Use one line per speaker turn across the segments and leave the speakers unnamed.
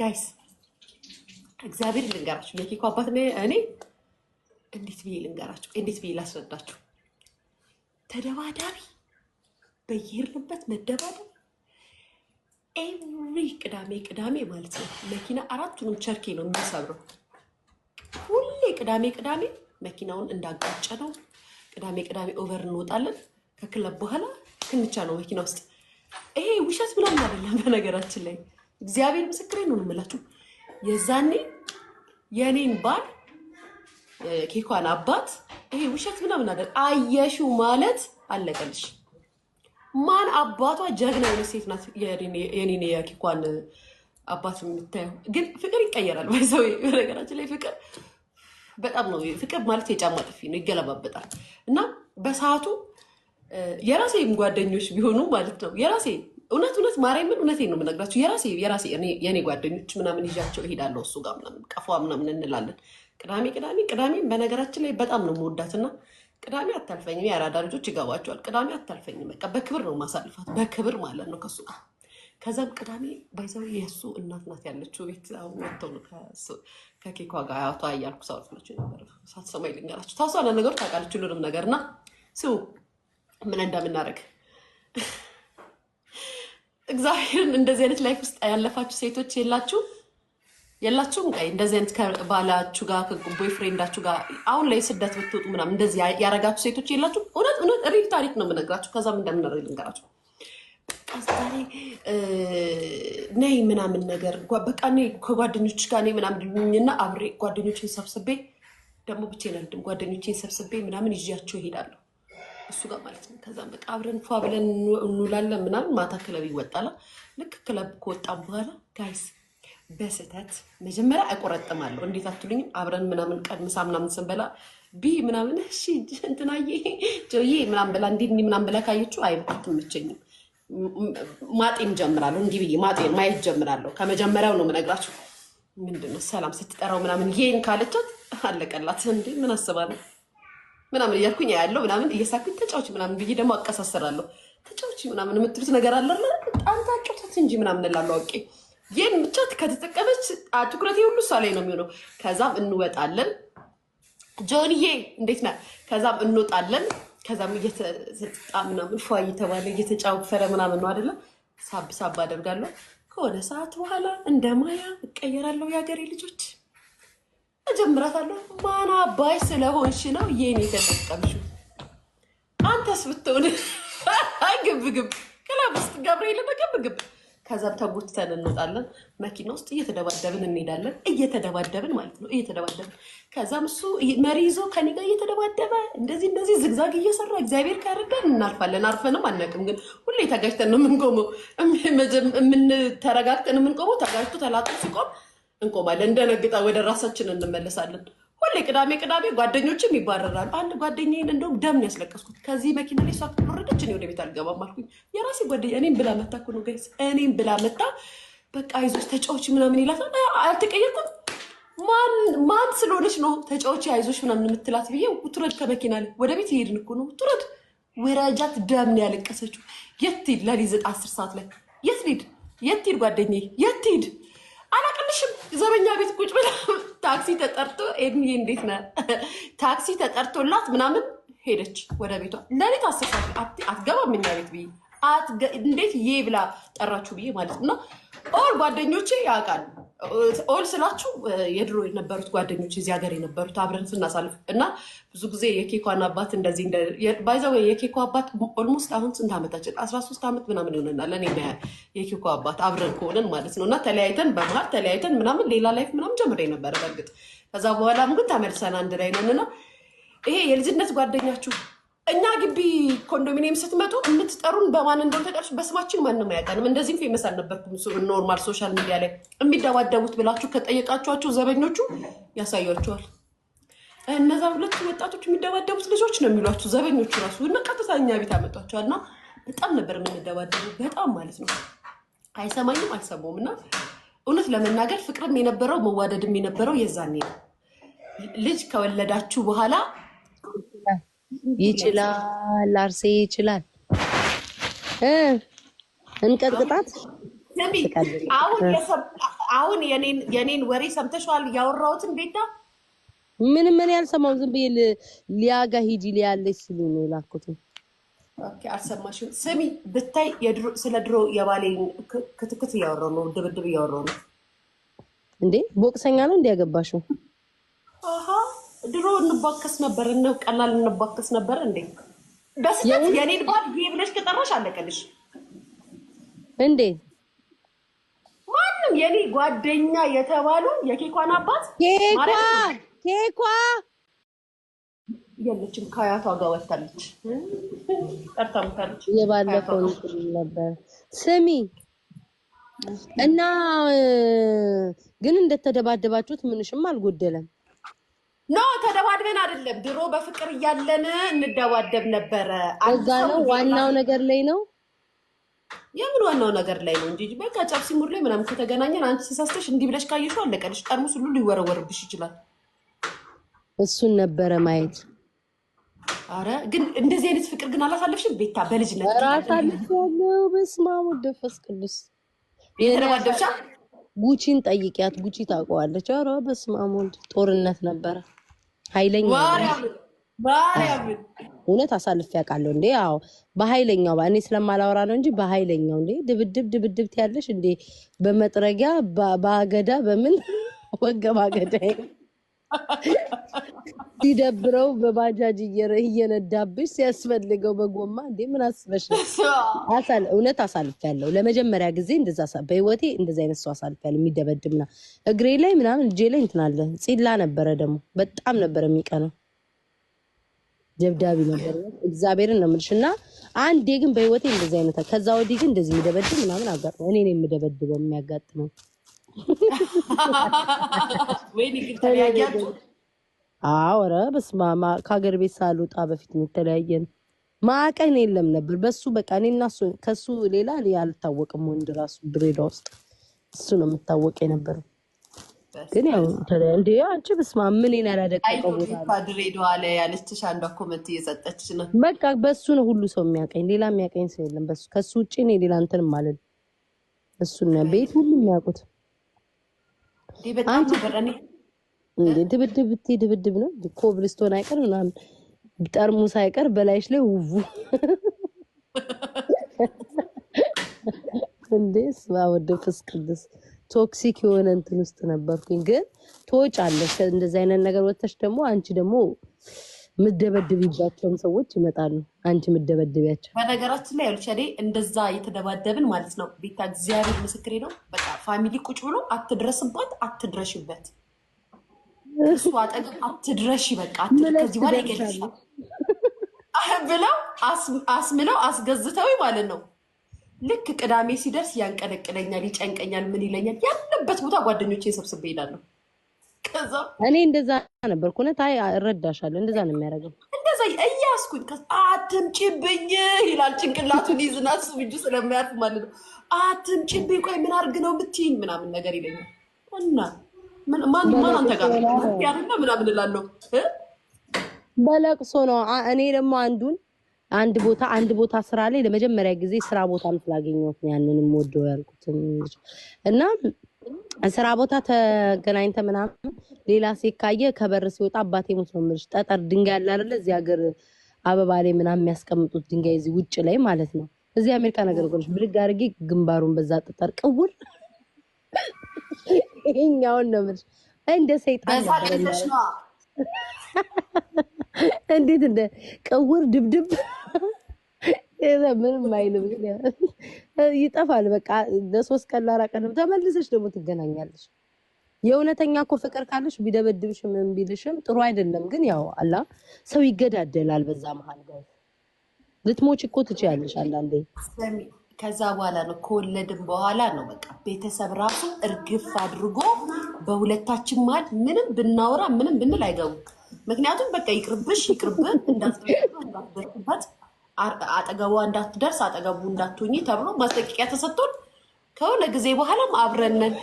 ጋይስ እግዚአብሔር ልንገራችሁ፣ የኬኮ አባት እኔ እንዴት ብዬ ልንገራችሁ፣ እንዴት ብዬ ላስረዳችሁ። ተደባዳቢ በየሄድንበት መደባደብ ኤቭሪ ቅዳሜ ቅዳሜ ማለት ነው። መኪና አራቱንም ቸርኬ ነው የሚሰብረው። ሁሌ ቅዳሜ ቅዳሜ መኪናውን እንዳጋጨ ነው። ቅዳሜ ቅዳሜ ኦቨር እንወጣለን ከክለብ በኋላ ክንቻ ነው መኪና ውስጥ። ይሄ ውሸት ምናምን አይደለም በነገራችን ላይ እግዚአብሔር ምስክሬ ነው የምላችሁ። የዛኔ የኔን ባል ኬኳን አባት ይሄ ውሸት ምናምን ነገር አየሹ ማለት አለቀልሽ። ማን አባቷ ጀግና የሆነ ሴት ናት። የኔን የኬኳን አባት የምታየው ግን ፍቅር ይቀየራል። ሰው ነገራችን ላይ ፍቅር በጣም ነው ፍቅር ማለት የጫማ ጥፊ ነው፣ ይገለባበጣል። እና በሰዓቱ የራሴም ጓደኞች ቢሆኑ ማለት ነው የራሴ እውነት እውነት ማርያምን እውነቴን ነው የምነግራቸው። የራሴ የራሴ የእኔ ጓደኞች ምናምን ይዣቸው እሄዳለሁ እሱ ጋር ምናምን ቀፏ ምናምን እንላለን። ቅዳሜ ቅዳሜ ቅዳሜ በነገራችን ላይ በጣም ነው መወዳትና ቅዳሜ አታልፈኝም። የአራዳ ልጆች ይገባቸዋል። ቅዳሜ አታልፈኝም። በቃ በክብር ነው ማሳልፋት፣ በክብር ማለት ነው ከሱ ጋር ከዛም ቅዳሜ ባይዘው የእሱ እናት ናት ያለችው ቤት አሁን ወጥተው ነው ከኬኳ ጋር አያቷ እያልኩ ሰዎች ናቸው ነበር ሳትሰማ ይልኛላችሁ ታሷ ነገሮች ታውቃለች ሁሉንም ነገር እና ስሙ ምን እንደምናደርግ እግዚአብሔርን እንደዚህ አይነት ላይፍ ውስጥ ያለፋችሁ ሴቶች የላችሁ የላችሁም? ቀይ እንደዚህ አይነት ከባላችሁ ጋር ከቦይፍሬንዳችሁ ጋር አሁን ላይ ስደት ብትወጡ ምናም እንደዚህ ያረጋችሁ ሴቶች የላችሁ? እውነት እውነት ሪል ታሪክ ነው የምነግራችሁ። ከዛም እንደምንረ ልንገራችሁ። ዛሬ ነይ ምናምን ነገር በቃ ከጓደኞች ጋር ነይ ምናምን ልኝና አብሬ ጓደኞችን ሰብስቤ ደግሞ ብቻዬን አልሄድም። ጓደኞችን ሰብስቤ ምናምን ይዣቸው እሄዳለሁ እሱ ጋር ማለት ነው። ከዛም በቃ አብረን ፏ ብለን እንውላለን ምናምን። ማታ ክለብ ይወጣል ልክ ክለብ ከወጣም በኋላ ጋይስ በስህተት መጀመሪያ አይቆረጥማለሁ እንዴት አትሉኝም? አብረን ምናምን ቀን ምሳ ምናምን ስንበላ ቢ ምናምን እሺ እንትናዬ ጆዬ ምናምን ብላ እንዲ ምናምን ብላ ካየችው አይ አትመቸኝም፣ ጀምራለሁ። እንዲህ ብዬ ማጤ ማየት ጀምራለሁ። ከመጀመሪያው ነው የምነግራችሁ። ምንድነው ሰላም ስትጠራው ምናምን ይሄን ካለቻት አለቀላት። እንዴ ምን አስባለሁ ምናምን እያልኩኝ ያለው ምናምን እየሳኩኝ ተጫዎች ምናምን ብዬ ደግሞ አቀሳሰራለሁ። ተጫዎች ምናምን የምትሉት ነገር አለ በጣም ታጮታት እንጂ ምናምን ላለ አውቄ ይህን ብቻ ከተጠቀመች ትኩረት ሁሉ እሷ ላይ ነው የሚሆነው። ከዛም እንወጣለን። ጆንዬ እንዴት ነህ? ከዛም እንወጣለን። ከዛም እየተጣ ምናምን ፏ እየተባለ እየተጫወፈረ ምናምን ነው አይደለም። ሳብ ሳብ አደርጋለሁ። ከሆነ ሰዓት በኋላ እንደ ማያ እቀየራለሁ። የሀገሬ ልጆች እጀምራታለሁ። ማን አባይ ስለሆንሽ ነው የኔ የተጠቀምሽው? አንተስ ብትሆን ግብግብ ክለብ ውስጥ ገብርኤል በግብግብ ከዛም ተጎትተን እንወጣለን። መኪና ውስጥ እየተደባደብን እንሄዳለን። እየተደባደብን ማለት ነው፣ እየተደባደብን ከዛም እሱ መሪ ይዞ ከኔ ጋር እየተደባደበ እንደዚህ እንደዚህ ዝግዛግ እየሰራ እግዚአብሔር ካረዳን እናልፋለን። አርፈንም አናውቅም፣ ግን ሁሌ ተጋጅተን ነው የምንቆመው። ተረጋግተን የምንቆመው ተጋጅቶ ተላጦ ሲቆም እንቆማለን። እንደነግጣ ወደ ራሳችን እንመለሳለን። ሁሌ ቅዳሜ ቅዳሜ ጓደኞችም ይባረራሉ። አንድ ጓደኛዬን እንደውም ደምን ያስለቀስኩት ከዚህ መኪና ላይ እሷ ከተወረደች እኔ ወደ ቤት አልገባም አልኩኝ። የራሴ ጓደኛ እኔም ብላ መታ እኮ ነው ጋይስ፣ እኔም ብላ መታ በቃ አይዞች ተጫዎች ምናምን ይላታል። አልተቀየርኩም። ማን ስለሆነች ነው ተጫዎች አይዞች ምናምን የምትላት ብዬ ውትረድ ከመኪና ላይ ወደ ቤት ይሄድን እኮ ነው። ውትረድ ደም ነው ያለቀሰችው የት ሂድ ለሊት አስር ሰዓት ላይ የት ሂድ የት ሂድ ጓደኛዬ የት ሂድ ዘበኛ ቤት ቁጭ ብላ ታክሲ ተጠርቶ ኤድሚ እንዴት ነህ ታክሲ ተጠርቶላት ምናምን ሄደች ወደ ቤቷ። ለሌት አስፋት አትገባም እኛ ቤት ብዬ እንዴት ይሄ ብላ ጠራችሁ ብዬ ማለት ነው። ኦር ጓደኞቼ ያውቃሉ ኦል ስላችሁ የድሮ የነበሩት ጓደኞች እዚህ ሀገር የነበሩት አብረን ስናሳልፍ እና ብዙ ጊዜ የኬኳን አባት እንደዚህ ባይዘ ወይ የኬኮ አባት ኦልሞስት አሁን ስንት ዓመታችን አስራ ሶስት ዓመት ምናምን ይሆነናል። እኔ የኬኮ አባት አብረን ከሆነን ማለት ነው እና ተለያይተን በመሀል ተለያይተን ምናምን ሌላ ላይፍ ምናምን ጀምሬ ነበረ በእርግጥ ከዛ በኋላ ግን ተመልሰን አንድ ላይ ነን እና ይሄ የልጅነት ጓደኛችሁ እኛ ግቢ ኮንዶሚኒየም ስትመጡ የምትጠሩን በማን እንደሆነ ተቀርሱ። በስማችን ማንም አያውቀንም። እንደዚህም ፌመስ አልነበርኩም። ኖርማል ሶሻል ሚዲያ ላይ የሚደባደቡት ብላችሁ ከጠየቃችኋቸው ዘበኞቹ ያሳያቸዋል። እነዛ ሁለቱ ወጣቶች የሚደባደቡት ልጆች ነው የሚሏቸው ዘበኞቹ ራሱ እና ቀጥታ እኛ ቤት አመጧቸዋል። እና በጣም ነበር የምንደባደቡ በጣም ማለት ነው። አይሰማኝም አልሰማውም። እና እውነት ለመናገር ፍቅርም የነበረው መዋደድም የነበረው የዛኔ ነው ልጅ ከወለዳችሁ በኋላ
ይችላል፣ አርሴ ይችላል። እንቀጥቅጣት።
አሁን የኔን ወሬ ሰምተሸዋል? ያወራሁትን ቤታ
ምንም ምን ያልሰማው ዝም ብዬ ሊያጋ ሂጂ ሊያለች ሲሉ ነው የላኩትን።
አልሰማሽም? ስሚ ብታይ ስለ ድሮ የባሌ ክትክት እያወራ ነው፣ ድብድብ እያወራ ነው።
እንዴ ቦቅሰኛ ነው እንዲያገባሽው
ድሮ እንቧከስ ነበር፣ ቀላል እንቧከስ ነበር እንዴ! በስህተት የኔን ባል ይሄ ብለሽ ከጠራሽ አለቀልሽ እንዴ! ማንም የኔ ጓደኛ የተባሉ የኬኳን አባት
ኬኳ ኬኳ
የለችም ከአያቷ ጋር ወታለች፣ ጠርታምታለች።
የባለፈው ንትል ነበር ስሚ እና ግን እንደተደባደባችሁት ምንሽም አልጎደለም።
ኖ ተደባድበን አይደለም። ድሮ በፍቅር እያለን እንደባደብ ነበረ።
እዛ ነው ዋናው ነገር ላይ ነው።
የምን ዋናው ነገር ላይ ነው እንጂ በቃ ጫፍ ሲሙር ላይ ምናምን ከተገናኘን አንቺ ተሳስተሽ እንዲህ ብለሽ ካየሽው አለቀልሽ። ጠርሙስ ሁሉ ሊወረወርብሽ ይችላል።
እሱን ነበረ ማየት።
አረ ግን እንደዚህ አይነት ፍቅር ግን አላሳለፍሽም ቤታ? በልጅነት
ራስ አልፈለው። በስመ አብ ወወልድ ወመንፈስ ቅዱስ።
የተደባደብሻ
ጉቺን ጠይቂያት፣ ጉቺ ታውቀዋለች። አረ በስመ አብ ወወልድ ጦርነት ነበረ። ኃይለኛ እውነት አሳልፍ ያውቃለሁ እንዴ? አዎ በኃይለኛው እኔ ስለማላወራ ነው እንጂ በኃይለኛው እንዴ ድብድብ ድብድብ ያለሽ እንዴ? በመጥረጊያ በአገዳ በምን ወገብ አገዳ ሲደብረው በባጃጅ እየነዳብሽ ሲያስፈልገው በጎማ እንዴ ምን አስበሽ ነው? እውነት ያለው ለመጀመሪያ ጊዜ እንደዛ በህይወቴ እንደዚ አይነት ሰው አሳልፍ አሳልፌያለሁ። የሚደበድብና እግሬ ላይ ምናምን እጄ ላይ እንትናለ ጽላ ነበረ ደግሞ በጣም ነበረ የሚቀነው ደብዳቤ ነበር። እግዚአብሔርን ነው የምልሽ። እና አንዴ ግን በህይወቴ እንደዚህ አይነት ከዛ ወዲህ ግን እንደዚህ የሚደበድብ ምናምን አጋጥመው እኔ ነው የምደበድበው የሚያጋጥመው አዎ ኧረ በስመ አብ ከሀገር ቤት ሳልወጣ በፊት የሚተለያየን ማቀን የለም ነበር። በሱ በቃ እኔና ከሱ ሌላ አልታወቅም። ወንድ ራሱ ድሬዳ ውስጥ እሱ ነው የምታወቅ የነበረው። ግን ያው እንደ አንቺ ብስማ አብ ምን ያላደቀቀው
ቦታ ድሬዳዋ ላይ ያለችሽ አንዷ ኮመንት እየሰጠችሽ ነው።
በቃ በሱ ነው ሁሉ ሰው የሚያቀኝ፣ ሌላ የሚያቀኝ ሰው የለም። በሱ ከሱ ውጭ እኔ ሌላ እንትን ማለት እሱን ቤት ሁሉ የሚያውቁት እንዴ ድብድብ ብቴ ድብድብ ነው። ኮብልስቶን አይቀር ምናምን ጠርሙስ አይቀር በላይሽ ላይ ውቡ እንዴ ስማ ወደ ፍስቅልስ ቶክሲክ የሆነ እንትን ውስጥ ነበርኩኝ። ግን ትወጫለሽ እንደዚህ አይነት ነገር ወጥተሽ ደግሞ አንቺ ደግሞ ምደበድብባቸውም ሰዎች ይመጣሉ። አንቺ ምደበድቢያቸው።
በነገራችን ላይ ያሉች እኔ እንደዛ የተደባደብን ማለት ነው። ቤታ እግዚአብሔር ምስክሬ ነው። በቃ ፋሚሊ ቁጭ ብሎ አትድረስባት፣ አትድረሽበት፣ እሱ አጠገብ አትድረሽ፣ በቃ ከዚህ ይገልሻል ብለው አስምለው አስገዝተው ማለት ነው። ልክ ቅዳሜ ሲደርስ ያንቀለቅለኛል፣ ይጨንቀኛል፣ ምን ይለኛል። ያለበት ቦታ ጓደኞቼ ሰብስቤ ይላለሁ።
እኔ እንደዛ ነበርኩ። እውነት አይ እረዳሻለሁ። እንደዛ ነው የሚያደርገው።
እንደዛ እያስኩኝ አትምጪብኝ ይላል። ጭንቅላቱን ይዝና እሱ ብጁ ስለማያርፍ ማለት ነው። አትምጪብኝ፣ ቆይ ምን አድርግ ነው ብትይኝ ምናምን ነገር ይለኛል። እና ማን አንተ ጋር ያደና ምናምን እላለሁ።
በለቅሶ ነው። እኔ ደግሞ አንዱን አንድ ቦታ አንድ ቦታ ስራ ላይ ለመጀመሪያ ጊዜ ስራ ቦታ ስላገኘሁት ያንንም ወደው ያልኩት እና ስራ ቦታ ተገናኝተ ምናምን ሌላ ሲካየ ከበር ሲወጣ አባቴ ሙት ነው የምልሽ። ጠጠር ድንጋይ አለ አይደለ? እዚህ ሀገር አበባ ላይ ምናምን የሚያስቀምጡት ድንጋይ እዚህ ውጭ ላይ ማለት ነው። እዚህ አሜሪካ ነገር ቆሎች ብድግ አድርጌ ግንባሩን በዛ ጠጠር ቅውር ይሄኛውን ነው የምልሽ። እንደ ሰይጣን እንዴት እንደ ቅውር ድብድብ ምንም አይልም ይጠፋል። በቃ ለሶስት ቀን ላራቀንም ተመልሰሽ ደግሞ ትገናኛለሽ። የእውነተኛ እኮ ፍቅር ካለሽ ቢደበድብሽም ቢልሽም ጥሩ አይደለም። ግን ያው አላ ሰው ይገዳደላል። በዛ መሀል ጋር ልትሞች እኮ ትችያለሽ አንዳንዴ።
ከዛ በኋላ ነው ከወለድም በኋላ ነው በቃ ቤተሰብ ራሱ እርግፍ አድርጎ በሁለታችን ማድ ምንም ብናወራ ምንም ብንል አይገቡም። ምክንያቱም በቃ ይቅርብሽ ይቅርብን እንዳትበት አጠገቧ እንዳትደርስ አጠገቡ እንዳትሆኝ ተብሎ ማስጠንቀቂያ ተሰጥቶን ከሆነ ጊዜ በኋላም አብረነን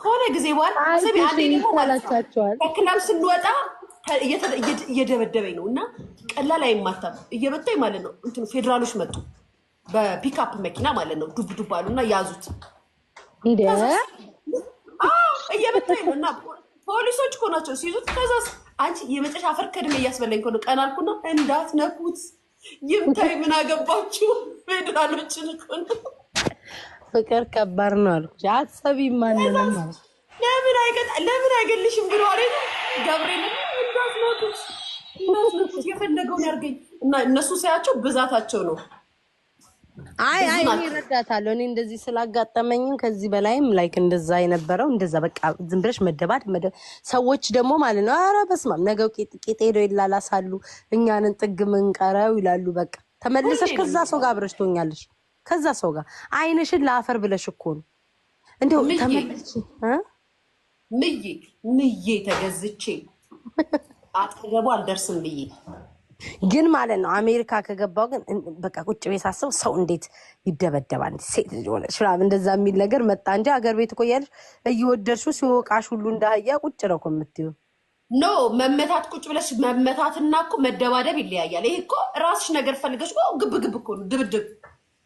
ከሆነ ጊዜ በኋላ ከክላም ስንወጣ እየደበደበኝ ነው እና ቀላል አይማታም እየመጣኝ ማለት ነው። እንትኑ ፌዴራሎች መጡ በፒክአፕ መኪና ማለት ነው። ዱብ ዱብ አሉና ያዙት። እየመጣኝ ነው እና ፖሊሶች እኮ ናቸው ሲይዙት። ከዛ አንቺ የመጨረሻ አፈር ከድሜ እያስበላኝ ከሆነ ቀን አልኩና እንዳትነኩት ይምታይ ምን አገባችሁ? ፌዴራሎችን እኮ
ፍቅር ከባድ ነው አልኩሽ። አሰብ ማንንም
ለምን አይገጥ ለምን አይገልሽም? ብሎ አይደል ገብርኤል እንዳትሞቱት እንዳትሞቱት የፈለገውን ያርገኝ እና እነሱ ሳያቸው ብዛታቸው ነው
አይ አይ ይረዳታለሁ። እኔ እንደዚህ ስላጋጠመኝም ከዚህ በላይም ላይክ እንደዛ የነበረው እንደዛ በቃ ዝም ብለሽ መደባት ሰዎች ደግሞ ማለት ነው። አረ በስመ አብ ነገው ቄጤ ሄደው ይላላሳሉ፣ እኛንን ጥግ ምንቀረው ይላሉ። በቃ ተመልሰሽ ከዛ ሰው ጋር አብረሽ ትሆኛለሽ። ከዛ ሰው ጋር አይንሽን ለአፈር ብለሽ እኮ ነው
እንደው ተመልሽ ምዬ ምዬ ተገዝቼ አጠገቡ አልደርስም ብዬ
ግን ማለት ነው አሜሪካ ከገባው ግን በቃ ቁጭ ቤት ሳስበው ሰው እንዴት ይደበደባል? ሴት ልጅ ሆነች እንደዛ የሚል ነገር መጣ እንጂ ሀገር ቤት እኮ እያለሽ እየወደድሽው ሲወቃሽ ሁሉ እንዳህያ ቁጭ ነው እኮ የምትይው።
ኖ መመታት ቁጭ ብለሽ መመታትና እኮ መደባደብ ይለያያል። ይሄ እኮ ራስሽ ነገር ፈልገሽ ግብ ግብ እኮ ነው ድብድብ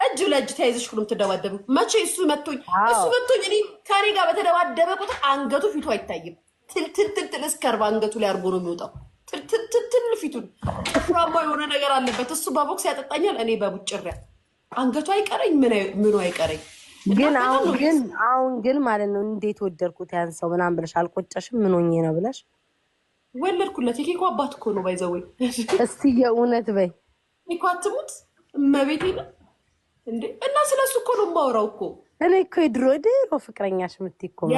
እጅ ለእጅ ተያይዘሽ ሁሉም ትደባደብ። መቼ እሱ መቶኝ እሱ መቶኝ እኔ ከኔ ጋር በተደባደበ ቁጥር አንገቱ ፊቱ አይታይም። ትልትልትልትል እስከርባ አንገቱ ላይ አርጎ ነው የሚወጣው። ትንትን ፊቱን ጥፍራማ የሆነ ነገር አለበት። እሱ በቦክስ ያጠጣኛል፣ እኔ በቡጭሪያ አንገቱ አይቀረኝ ምኑ አይቀረኝ።
ግን አሁን ግን ማለት ነው እንዴት ወደድኩት ያን ሰው ምናምን ብለሽ አልቆጨሽም? ምን ሆኜ ነው ብለሽ
ወለድኩለት። የኬኮ አባት እኮ ነው ባይዘወይ።
እስቲ የእውነት በይ
እኮ አትሙት እመቤቴ ነው እንዴ! እና ስለሱ እኮ ነው የማወራው እኮ
እኔ እኮ የድሮ ድሮ ፍቅረኛሽ ምትኮ